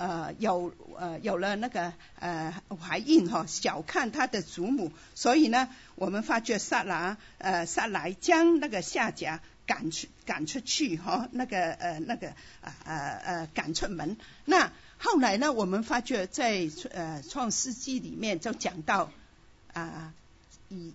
呃有呃有了那個呃懷孕哈、哦，小看他的祖母，所以呢我們發覺薩拉呃薩萊將那個夏甲趕出趕出去哈、哦，那個呃那個呃呃呃趕出門。那後來呢我們發覺在呃創世紀裏面就講到啊、呃、以